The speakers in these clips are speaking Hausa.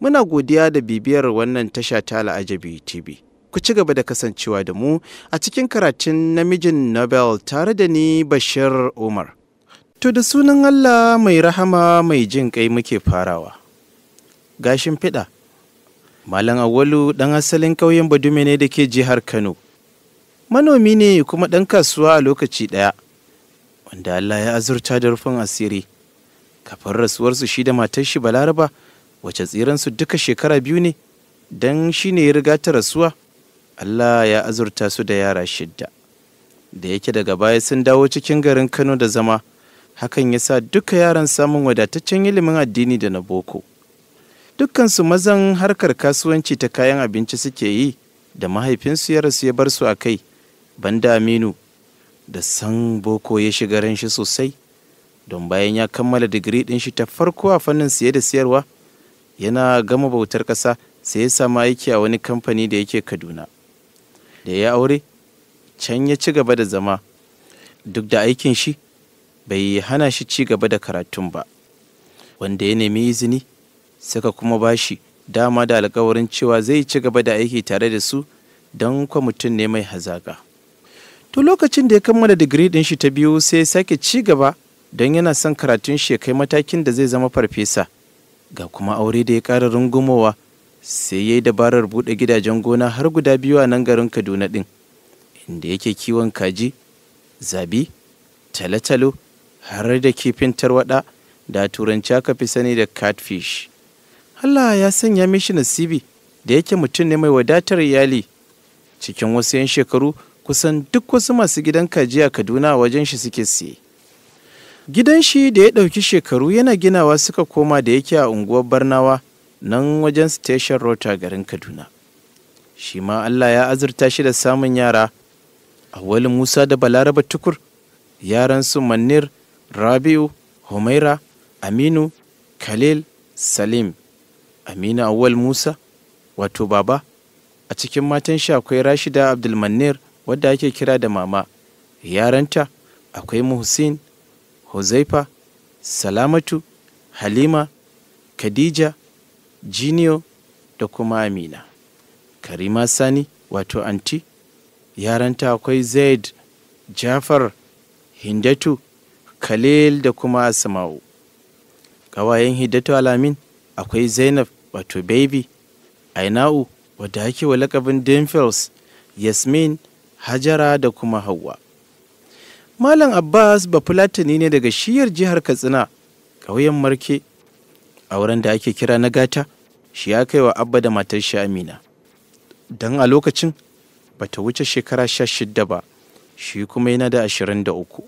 Muna godiya da bibiyar wannan tasha ta Al'ajabi TV. Ku ci gaba da kasancewa da mu a cikin karatun namijin Nobel tare da ni Bashir Umar. To da sunan Allah mai rahama mai jin kai muke farawa. Gashin fiɗa. Malam Awalu ɗan asalin ƙauyen Badume ne da ke jihar Kano. Manomi ne kuma ɗan kasuwa a lokaci ɗaya. Wanda Allah ya azurta da rufin asiri. Kafin rasuwarsu shi da matar shi Balaraba. wace tsiransu duka shekara biyu ne don shi ne ya riga ta rasuwa Allah ya azurta su da yara shidda da yake daga baya sun dawo cikin garin Kano da zama hakan ya sa duka yaran samun wadataccen ilimin addini da na boko dukkansu mazan harkar kasuwanci ta kayan abinci suke yi da mahaifinsu ya rasu ya bar su a kai banda aminu da san boko ya shiga ran shi sosai don bayan ya kammala digiri ɗin shi ta farko a fannin siye da siyarwa yana gama bautar ƙasa sai ya samu aiki a wani kamfani da yake kaduna da ya aure can ya ci gaba da zama duk da aikin shi bai hana shi ci gaba da karatun ba wanda ya nemi izini suka kuma ba shi dama da alkawarin cewa zai ci gaba da aiki tare da su don kwa mutum ne mai hazaƙa. To lokacin da ya kammala digiri ɗin shi ta biyu sai ya sake ci gaba don yana son karatun shi ya kai matakin da zai zama farfesa. ga kuma aure da ya ƙara rungumowa sai ya yi dabarar buɗe gidajen gona har guda biyu a nan garin kaduna ɗin inda yake kiwon kaji zabi talotalo, talo har da kifin tarwaɗa da turanci aka fi sani da catfish allah ya sanya mishi nasibi da yake mutum ne mai wadatar iyali cikin wasu 'yan shekaru kusan duk wasu masu gidan kaji a kaduna wajen shi suke siye Gidan shi da ya ɗauki shekaru yana ginawa suka koma da yake a unguwar Barnawa nan wajen Station Rota garin Kaduna. Shi ma Allah ya azurta shi da samun yara, Awali Musa da Balaraba Tukur, yaran su Manir, Rabi'u, Humaira, Aminu, Khalil, Salim, Aminu Awal Musa, wato Baba, a cikin matan shi akwai Rashida Abdulmanir wadda ake kira da Mama, yaranta akwai Muhsin, Huzaifa, Salamatu, Halima, Khadija, Jiniyo da kuma Amina. Karima Sani wato anti, yaranta akwai Zaid, Jafar, Hindatu, Khalil da kuma Asma'u. Ƙawayen Hidatu Alamin akwai Zainab wato Baby, Aina'u wadda ake wa lakabin Dimfels, Yasmin, Hajara da kuma Hauwa. Malam Abbas Bafulatani ne daga shiyar jihar Katsina, ƙauyen Marke, a wurin da ake kira na gata, shi ya kai wa Abba da matar shi Amina. Don a lokacin ba ta wuce shekara sha shidda ba, shi kuma yana da ashirin da uku.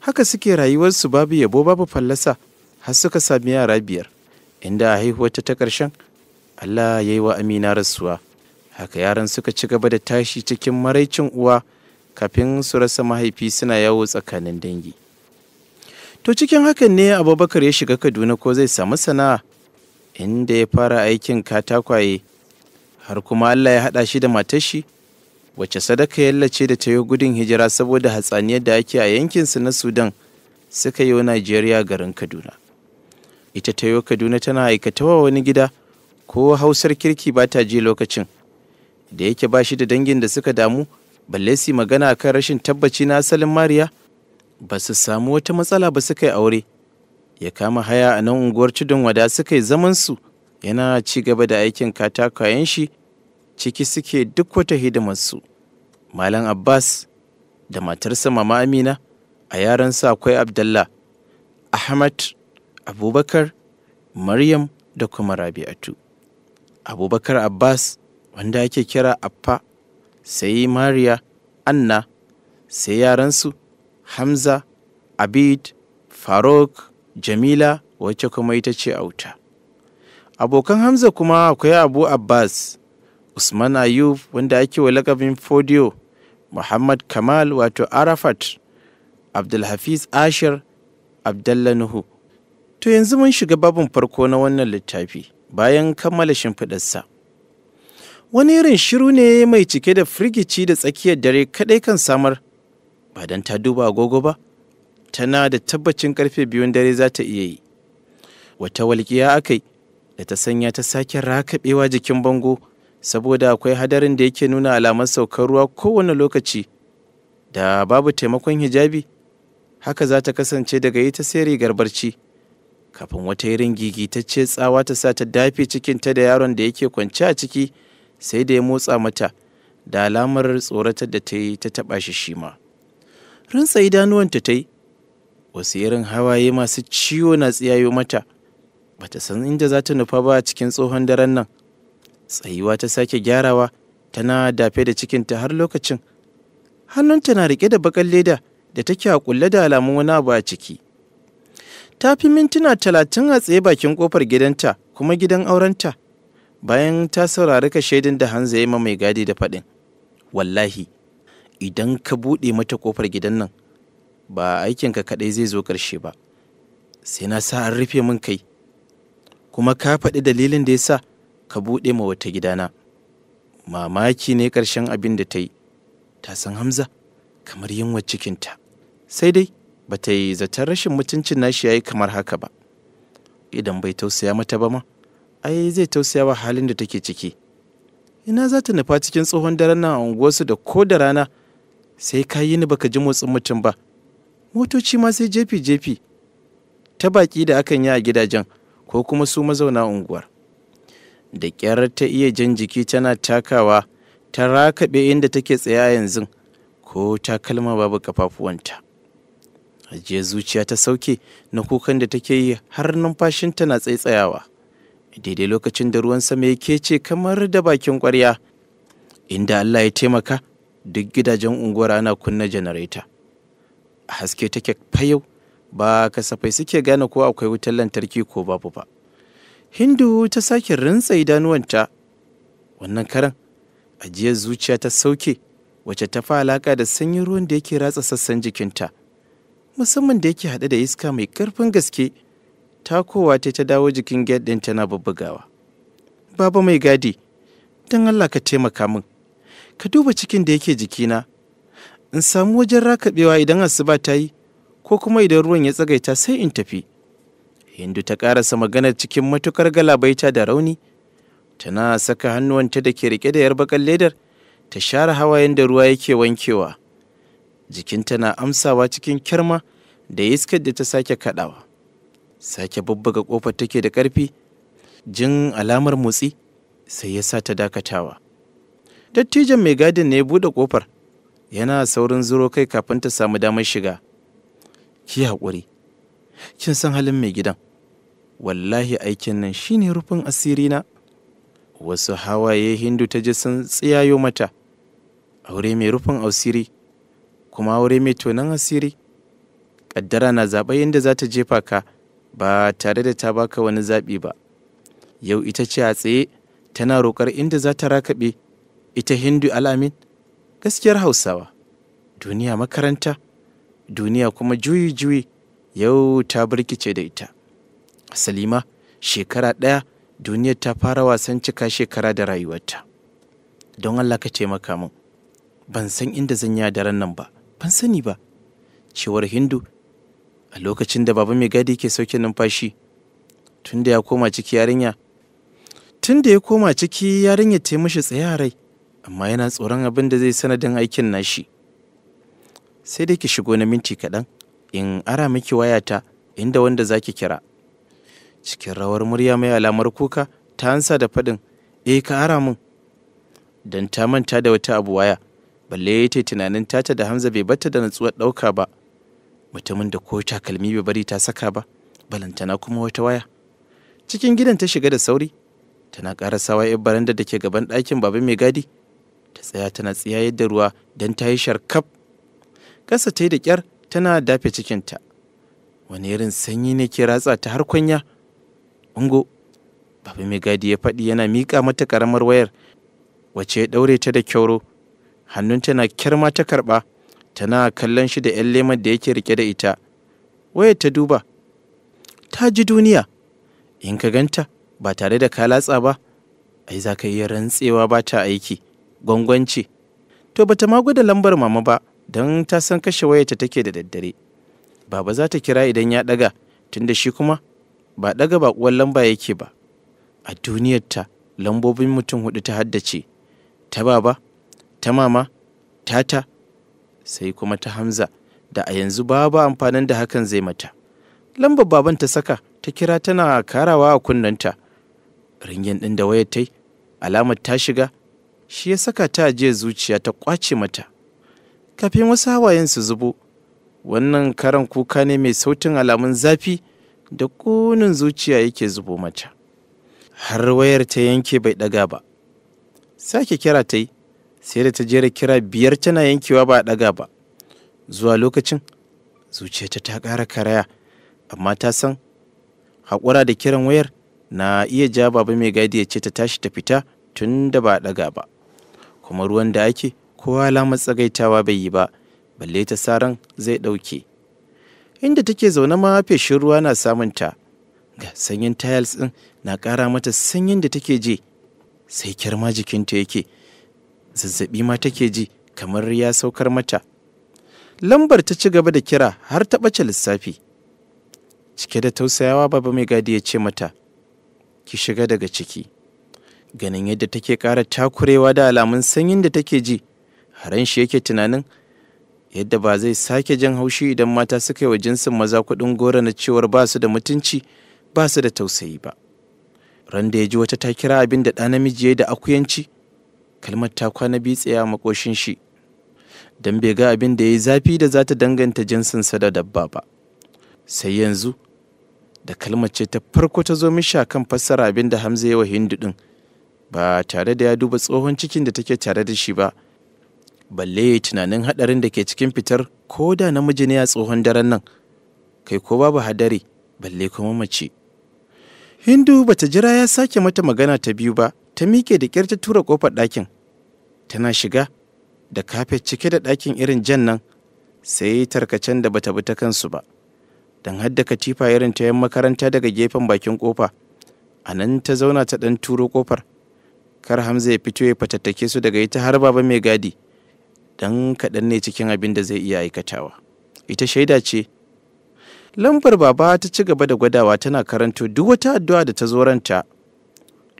Haka suke rayuwarsu babu yabo babu fallasa har suka sami yara biyar, inda a haihuwarta ta ƙarshen Allah ya yi wa Amina rasuwa. Haka yaran suka ci gaba da tashi cikin maraicin uwa. kafin su rasa mahaifi suna yawo tsakanin dangi to cikin hakan ne abubakar ya shiga kaduna ko zai samu sana'a inda ya fara aikin katakwaye har kuma allah ya haɗa shi da matar shi wacce sadaka yallace da ta yi gudun hijira saboda hatsaniyar da ake a yankin yankinsu na sudan suka yi wa najeriya garin kaduna ita ta yi kaduna tana aikatawa wani gida ko hausar kirki ba ta ji lokacin da yake ba shi da dangin da suka damu balle su magana kan rashin tabbaci na asalin mariya ba su samu wata matsala ba suka yi aure ya kama haya a nan unguwar tudun wada suka yi su yana ci gaba da aikin katakayan shi ciki suke duk wata hidimarsu malam abbas da matarsa mama amina a yaran yaransa akwai abdallah ahmad abubakar maryam da kuma rabi'atu abubakar abbas wanda ake kira appa sai mariya anna sai yaransu hamza abid faruk jamila wacce kuma ita ce auta abokan hamza kuma akwai abu abbas usman ayub wanda ake wa lakabin fodio muhammad kamal wato arafat abdulhafiz ashir abdallah nuhu to yanzu mun shiga babin farko na wannan littafi bayan kammala shimfiɗarsa wani irin shiru ne mai cike da firgici da tsakiyar dare kaɗai kan samar ba don ta duba agogo ba tana da tabbacin karfe biyun dare za ta iya yi wata walƙiya aka yi da ta sanya ta sake rakaɓewa jikin bango saboda akwai hadarin da yake nuna alamar saukar ruwa kowane lokaci da babu taimakon hijabi haka za ta kasance daga ita sai rigar barci kafin wata irin gigitacce tsawa ta sa ta dafe cikinta da yaron da yake kwance a ciki sai da ya motsa mata da alamar tsoratar da ta yi ta taɓa shi shi ma. Rinsa idanuwanta ta yi, wasu irin hawaye masu ciwo na tsiyayo mata, bata san inda za ta nufa ba cikin tsohon daren nan. Tsayuwa ta sake gyarawa, tana dafe da cikinta har lokacin. Hannunta na riƙe da baƙar leda da take a kulle da alamun wani abu a ciki. Ta fi mintuna talatin a tsaye bakin ƙofar gidanta kuma gidan aurenta. bayan ta saurari ka shaidin da hanza ya mai gadi da faɗin wallahi idan ka buɗe mata ƙofar gidan nan ba aikinka kaɗai zai zo ƙarshe ba sai na sa an rufe min kai kuma ka faɗi dalilin da ya sa ka buɗe ma wata gidana mamaki ne ƙarshen abin da ta yi ta san hamza kamar yunwa cikinta sai dai ba ta yi zaton rashin mutuncin nashi ya yi kamar haka ba idan bai tausaya mata ba ma ai zai tausayawa halin da take ciki ina za ta nufa cikin tsohon daren nan unguwarsu da ko da rana sai ka yi ni baka ji motsin mutum ba motoci ma sai jefi jefi ta baki da akan yi a gidajen ko kuma su mazauna unguwar da ƙyarar ta iya jan jiki tana takawa ta rakaɓe inda take tsaye a yanzu ko takalma babu kafafuwanta ajiye zuciya ta sauke na kukan da take yi har numfashinta na tsaitsayawa daidai lokacin da ruwan sama ya kece kamar da bakin ƙwarya inda Allah ya taimaka duk gidajen unguwar ana kunna janareta a haske take fayau ba kasafai suke gane ko akwai wutar lantarki ko babu ba hindu ta sake rintsa idanuwanta wannan karan ajiyar zuciya ta sauke wacce ta fa alaka da sanyin ruwan da yake ratsa sassan jikinta musamman da yake haɗe da iska mai ƙarfin gaske takowa ta ta dawo jikin gate ɗin tana bubbugawa baba mai gadi don allah ka taimaka min ka duba cikin da yake jikina in samu wajen rakaɓewa idan asuba ta yi ko kuma idan ruwan ya tsagaita sai in tafi hindu ta ƙarasa maganar cikin matukar galabaita da rauni tana saka hannuwanta da ke rike da yar ledar ta share hawayen da ruwa yake wankewa jikinta na amsawa cikin kyarma da iskar da ta sake kaɗawa. sake babbaga kofar take da ƙarfi jin alamar motsi sai ya sa ta dakatawa dattijan mai gadin ne ya buɗe kofar. yana saurin zuro kai kafin ta samu damar shiga ki haƙuri kin san halin mai gidan wallahi aikin nan shine rufin asiri na. wasu hawaye hindu ta ji sun tsiyayo mata aure mai rufin asiri kuma aure mai tonan asiri ƙaddara na zaɓa inda za ta jefa ka ba tare da ta baka wani zaɓi ba yau ita ce a tsaye tana roƙar inda za ta rakaɓe ita hindu alamin gaskiyar hausawa duniya makaranta duniya kuma juyi-juyi yau ta birkice da ita salima shekara ɗaya duniyar ta fara wasan cika shekara da rayuwarta don allah ka taimaka min ban san inda zan yi daren nan ba ban sani ba cewar hindu a lokacin da baba mai gadi ke sauke numfashi tun da ya koma ciki yarinya tun da ya koma ciki yarinya ta mishi tsaye rai amma yana tsoron abin da zai sanadin aikin nashi sai dai ki shigo na minti kaɗan in ara miki wayata inda wanda zaki kira cikin rawar murya mai alamar kuka ta ansa da faɗin eh ka ara mun dan ta manta da wata abu waya balle ya ta tunanin tata da hamza bai bata da natsuwar ɗauka ba mutumin da ko takalmi bai bari ta saka ba balantana kuma wata waya cikin gidan ta shiga da sauri tana sawa yar baranda da ke gaban ɗakin baba mai gadi ta tsaya tana tsiya yadda ruwa don ta yi sharkaf kasa ta yi da kyar tana dafe cikinta wani irin sanyi ne ke ratsa ta har kwanya ungo baba mai gadi ya faɗi yana miƙa mata ƙaramar wayar Wace ya ɗaure ta da kyauro Hannunta na kyar ma ta karɓa tana kallon shi da 'yan lemar da yake rike da ita wayar ta duba ta ji duniya in ka ganta ba tare da kalatsa ba ai za ka iya rantsewa ba ta aiki gwangwanci to bata ma gwada lambar mama ba don ta san kashe ta take da daddare baba za ta kira idan ya daga da shi kuma ba ɗaga bakuwan lamba yake ba a duniyarta lambobin mutum hudu ta haddace ta baba ta mama tata sai kuma ta hamza da a yanzu babu amfanin da hakan zai mata lambar baban ta saka ta kira tana karawa a kunnanta ringin ɗin da wayar tai alamar ta shiga shi ya saka ta je zuciya ta kwace mata kafin wasu hawayen su zubo wannan karan kuka ne mai sautin alamun zafi da ƙunin zuciya yake zubo mata har wayar ta yanke bai ɗaga ba sake kira ta yi sai da ta jera kira biyar tana yankewa ba a ɗaga ba zuwa lokacin zuciyarta ta ƙara karaya amma ta san haƙura da kiran wayar na iya ja baba mai gadi ya ce ta tashi ta fita tun da ba a ɗaga ba kuma ruwan da ake kowa alamar tsagaitawa bai yi ba balle ta saran zai ɗauke inda take zaune ma feshin ruwa na samun ta ga sanyin tiles ɗin na ƙara mata sanyin da take je sai kirma jikinta yake zazzaɓi ma take ji kamar ya saukar mata lambar ta ci gaba da kira har ta ɓace lissafi cike da tausayawa baba mai gadi ya ce mata ki shiga daga ciki ganin yadda take ƙara takurewa da alamun sanyin da take ji haran shi yake tunanin yadda ba zai sake jan haushi idan mata suka yi wa jinsin maza kuɗin gora na cewar ba su da mutunci ba su da tausayi ba ran da ya ji wata ta kira abin da ɗa namiji ya da akuyanci kalmar ta kwana bi tsaya a makoshin shi don bai ga abin da ya yi zafi da za ta danganta jinsinsa da dabba ba sai yanzu da kalmar ce ta farko ta zo mishi kan fassara abin da hamza ya wa hindu din ba tare da ya duba tsohon cikin da take tare da shi ba balle ya tunanin hadarin da ke cikin fitar ko da namiji ne a tsohon daren nan kai ko babu hadari balle kuma mace hindu bata jira ya sake mata magana ta biyu ba ta miƙe da ƙyar ta tura ƙofar ɗakin tana shiga da kafet cike da ɗakin irin jan nan sai tarkacen da bata bi ta kansu ba don hadda katifa irin ta yan makaranta daga gefen bakin ƙofa a nan ta zauna ta ɗan turo ƙofar kar hamza ya fito ya fatattake su daga ita har baba mai gadi don kaɗan ne cikin abin da zai iya aikatawa ita shaida ce lambar baba ta ci gaba da gwadawa tana karanto duk wata addu'a da ta zo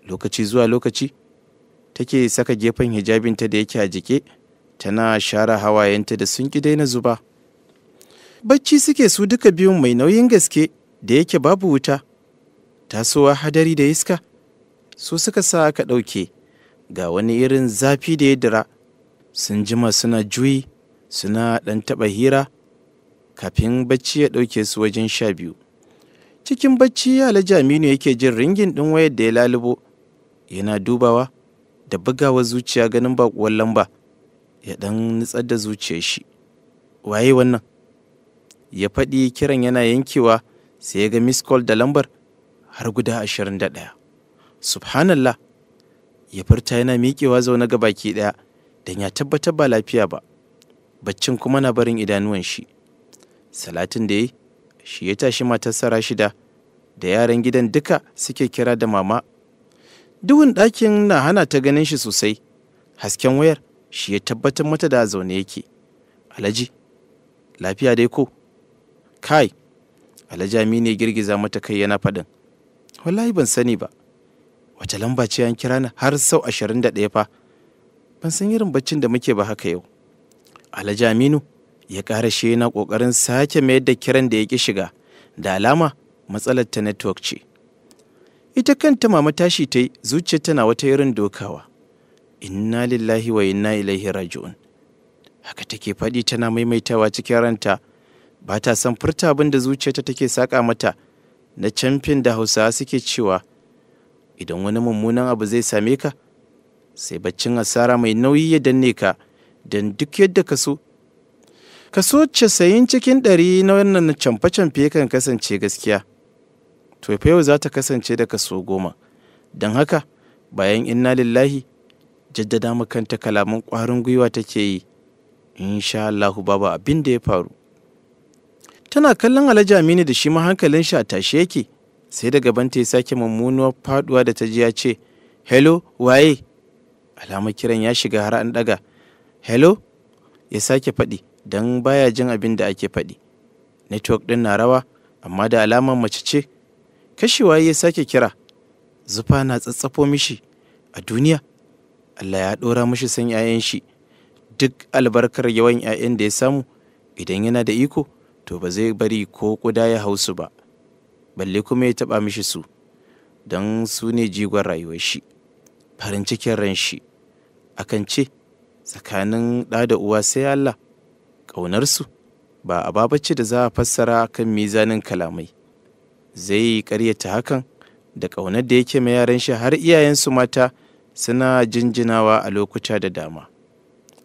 lokaci zuwa lokaci take saka gefen hijabinta da yake a jike tana share hawayenta da sun ƙi daina zuba bacci suke su duka biyun mai nauyin gaske da yake babu wuta tasowa hadari da iska su suka sa aka ɗauke ga wani irin zafi da ya dira sun jima suna juyi suna ɗan taɓa hira kafin bacci ya ɗauke su wajen sha biyu cikin bacci alhaji aminu yake jin ringin ɗin wayar da ya lalubo yana dubawa da bugawa zuciya ganin bakuwar lamba ya ɗan nutsar da zuciyar shi waye wannan ya faɗi kiran yana yankewa sai ya ga miskol da lambar har guda ashirin da ɗaya subhanallah ya furta yana miƙewa zaune ga baki ɗaya don ya tabbatar ba lafiya ba baccin kuma na barin idanuwan shi salatin da ya yi shi ya tashi matarsa shida da yaran gidan duka suke kira da mama duhun ɗakin na hana ta ganin shi sosai hasken wayar shi ya tabbatar mata da zaune yake alhaji lafiya dai ko kai alhaji amini ne girgiza mata kai yana faɗin wallahi ban sani ba wata lamba ce an kira ni har sau ashirin da ɗaya fa ban san irin baccin da muke ba haka yau alhaji aminu ya ƙara shi yana ƙoƙarin sake mayar da kiran da ya ƙi shiga da alama matsalar ta network ce ita kanta mama tashi ta yi zuciya tana wata irin dokawa inna lillahi wa inna ilaihi raji'un haka take faɗi tana maimaitawa cikin ranta ba ta san furta abin da zuciyarta take saƙa mata na camfin da hausawa suke cewa idan wani mummunan abu zai same ka sai baccin asara mai nauyi ya danne ka don duk yadda ka so kaso casa'in cikin ɗari na wannan camfe-camfe kan kasance gaskiya to yau za ta kasance da kaso goma don haka bayan inna lillahi jaddada makanta kalaman kwarin gwiwa take yi insha Allahu baba abin da ya faru tana kallon alhaji aminu da shi ma hankalin shi a tashe yake sai da banta ya sake mummunuwar faduwa da ta ji ya ce hello waye alamar kiran ya shiga har an daga hello ya sake faɗi don baya jin abin da ake faɗi network din na rawa amma da alamar mace ce kashewa ya sake kira zufa na tsatsafo mishi a duniya Allah ya ɗora mishi san 'ya'yan shi duk albarkar yawan 'ya'yan da ya samu idan yana da iko to ba zai bari ko ƙuda ya hau su ba balle kuma ya taɓa mishi su don su ne jigon rayuwar shi farin cikin ran shi akan ce tsakanin ɗa da uwa sai Allah ƙaunarsu ba a babace da za a fassara kan mizanin kalamai zai karyata hakan da ƙaunar da yake mai yaran shi har iyayensu mata suna jinjinawa a lokuta da dama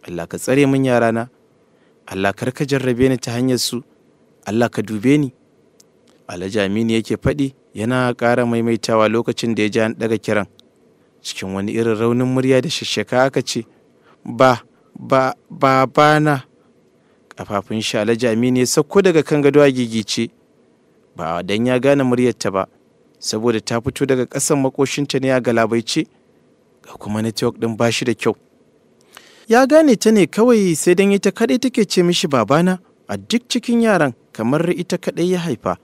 Allah ka tsare min yarana Allah kar ka jarrabe ni ta hanyar su Allah ka dube ni Alhaji Aminu yake faɗi yana ƙara maimaitawa lokacin da ya ji an ɗaga kiran cikin wani irin raunin murya da shashaka aka ce ba ba ba na. kafafun shi Alhaji Aminu ya sauko daga kan gado a gigice ba dan ya gane muryarta ba saboda ta fito daga ƙasan makoshinta ne a galabaice ga kuma network ɗin ba shi da kyau ya gane ta ne kawai sai dan ita kadai take ce mishi babana a duk cikin yaran kamar ita kadai ya haifa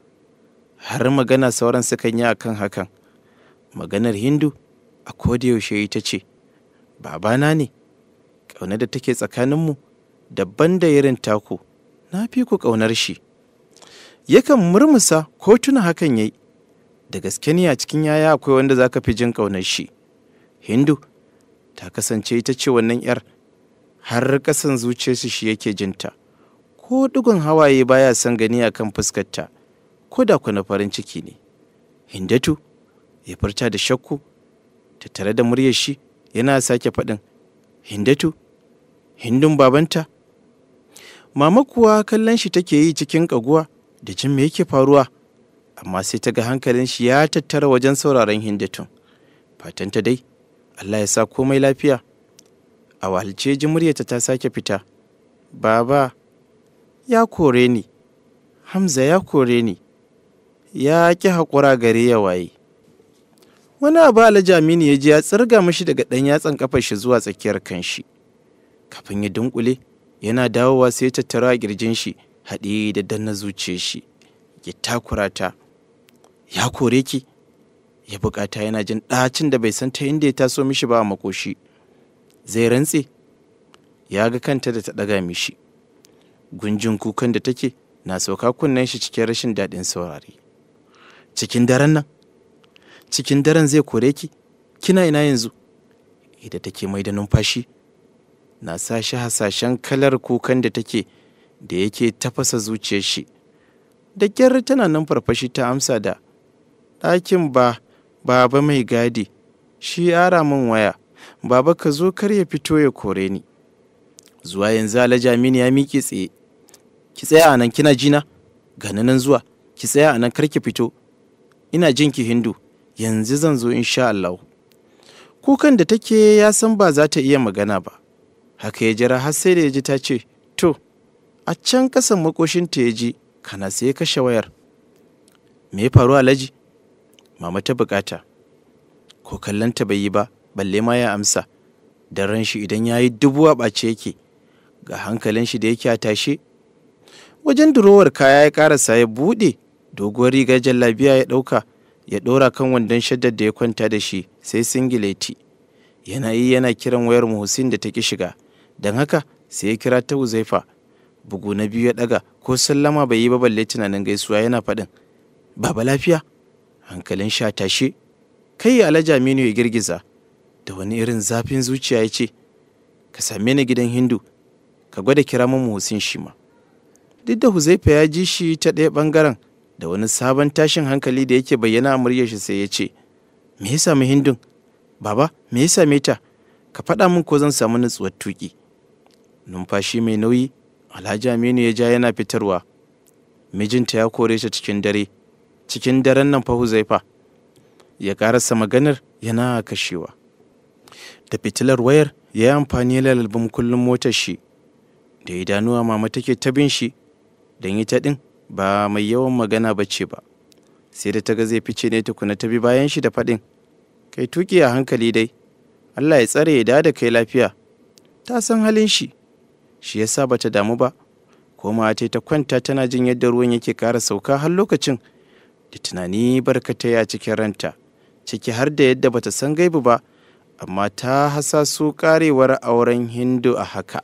har magana sauran sukan yi akan hakan maganar hindu a yaushe ita ce babana ne ƙaunar da take tsakaninmu daban da irin taku na fi ku ƙaunar shi yakan murmusa ko tuna hakan yayi da gaske ne a cikin yaya akwai wanda zaka fi jin ƙaunar shi hindu ta kasance ita ce wannan yar har ƙasan zuciyarsu shi yake jinta ko dugun hawaye baya son gani a kan fuskarta ko da kuna farin ciki ne hindatu ya furta da shakku ta tare da muryar shi yana sake faɗin hindatu hindun babanta mama kuwa kallon shi take yi cikin ƙaguwa da jin me yake faruwa amma sai ta ga hankalin shi ya tattara wajen sauraron hindatun fatanta dai allah ya sa komai lafiya a wahalce ji muryarta ta sake fita baba ya kore ni hamza ya kore ni ya ƙi haƙura gare ya waye wani abu alajamini ya ji ya tsirga mashi daga ɗan yatsan kafar shi zuwa tsakiyar kanshi kafin ya dunkule yana dawowa sai tattara a ƙirjin shi haɗe da danna zuce shi ya takura ta ya kore ki ya bukata yana jin ɗacin da bai san ta inda ya taso mishi ba a makoshi zai rantse ya ga kanta da ta ɗaga mishi gunjin kukan da take na sauka kunnen shi cikin rashin daɗin saurare cikin daren nan cikin daren zai kore ki kina ina yanzu idan take mai da numfashi na sa shi hasashen kalar kukan da take da yake tafasa zuciyar shi da kyar tana nan farfashi ta amsa da ɗakin ba baba mai gadi shi ara min waya baba ka zo kar ya fito ya kore ni zuwa yanzu alaja mini ya miƙe tsaye ki tsaya a nan kina jina gani nan zuwa ki tsaya a nan kar ki fito ina jin ki hindu yanzu zan zo insha Allah kukan da take ya san ba za ta iya magana ba haka ya jira har sai da ya ji ta ce a can kasan makoshinta ya ji kana sai ya kashe wayar me ya faru alhaji mama ta bukata ko kallon ta bai yi ba balle ma ya amsa dan ran shi idan ya yi dubuwa ɓace yake ga hankalin shi da yake a tashe wajen durowar kaya ya karasa ya buɗe doguwar rigar jallabiya ya ɗauka ya ɗora kan wandon shaddar da ya kwanta da shi sai singileti yana yi yana kiran wayar muhusin da ta ki shiga don haka sai ya kira ta huzaifa bugu na biyu ya ɗaga ko sallama bai yi ba balle tunanin gaisuwa yana faɗin baba lafiya hankalin sha tashe kai ya alhaji aminu ya girgiza da wani irin zafin zuciya ya ce ka same ni gidan hindu ka gwada kira mu husin shi ma duk da huzaifa ya ji shi ta ɗaya ɓangaren da wani sabon tashin hankali da yake bayyana a muryar shi sai ya ce me ya sami hindun baba me ya same ta ka faɗa min ko zan samu nutsuwar tuƙi numfashi mai nauyi alhaji aminu ya ja yana fitarwa mijinta ya kore ta cikin dare cikin daren nan fa huzaifa ya karasa maganar yana kashewa da fitilar wayar ya yi amfani da lalbin kullum motar shi da idanuwa mama take ta bin shi don ita ɗin ba mai yawan magana ba ce ba sai da ta ga zai fice ne tukuna ta bi bayan shi da faɗin kai tuki a hankali dai allah ya tsare ya da kai lafiya ta san halin shi shi yasa bata damu ba ma ta ta kwanta tana jin yadda ruwan yake ƙara sauka har lokacin da tunani barkata ya cikin ranta ciki har da yadda bata san gaibu ba amma ta su karewar auren hindu a haka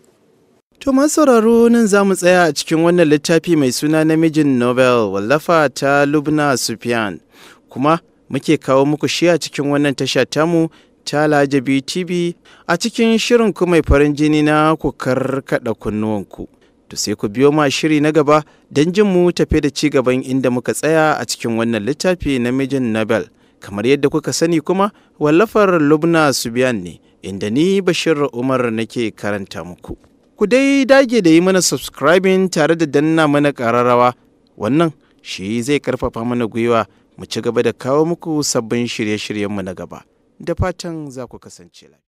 to sauraro nan za mu tsaya a cikin wannan littafi mai suna namijin nobel wallafa ta lubna sufyan kuma muke kawo muku shi a cikin wannan tasha tamu Chala Jabi TV a cikin shirin ku mai farin jini na ku karkada kunnuwanku. To sai ku biyo ma shiri na gaba don jin mu tafe da ci gaban inda muka tsaya a cikin wannan littafi na mijin Nobel. Kamar yadda kuka sani kuma wallafar Lubna Subiyan ne inda ni Bashir Umar nake karanta muku. Ku dai dage da yi mana subscribing tare da danna mana ƙararrawa. Wannan shi zai karfafa mana gwiwa mu ci gaba da kawo muku sabbin shirye-shiryenmu na gaba. da fatan za ku kasance lafiya.